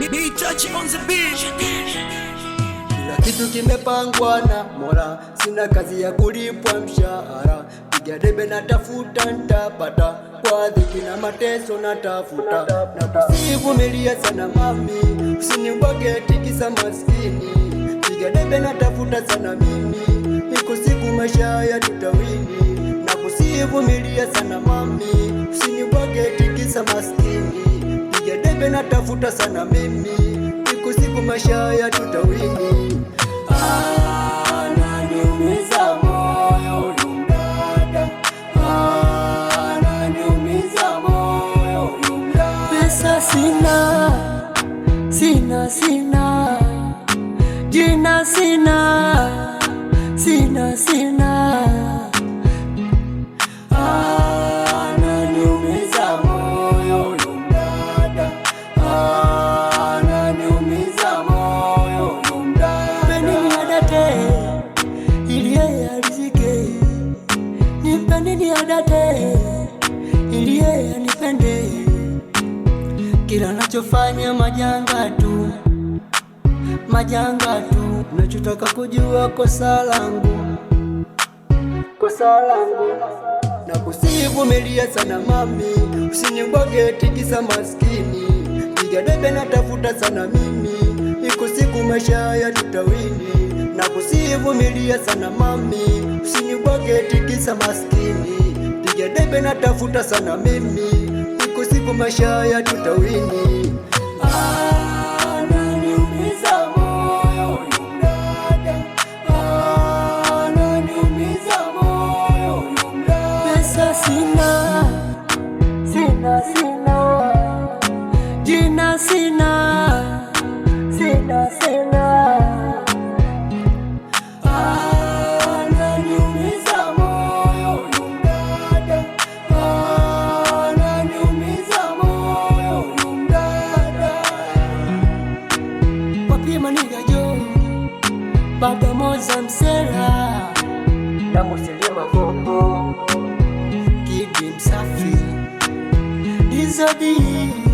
Bibi Chachi on the beach. Kila kitu kimepangwa na Mola, sina kazi ya kulipwa mshahara, piga debe na tafuta ntapata, kwa dhiki na mateso na tafuta, na kusivumilia sana mami, usinibwage tikisa maskini, piga debe na tafuta sana mimi, siku maisha ya tutawini, na kusivumilia sana mami, usinibwage tikisa maskini natafuta sana mimi, siku siku maisha ya tutawini. sina, sina, sina, jina sina, sina, sina adate ili yeye arizike, nipendeni adate ili yeye anipende. Kila nachofanya majanga tu, majanga tu. Nachotaka kujua kosa langu, kosa langu na sana mami, usinibwage tikisa maskini, piga debe na tafuta sana mimi, iko siku maisha ya tutawini na kusivumilia sana mami, usinibwage tikisa maskini, piga debe na tafuta sana mimi, iko siku maisha ya tutawini ah. babamoza msera namusilie mavombo kidi msafi dizodii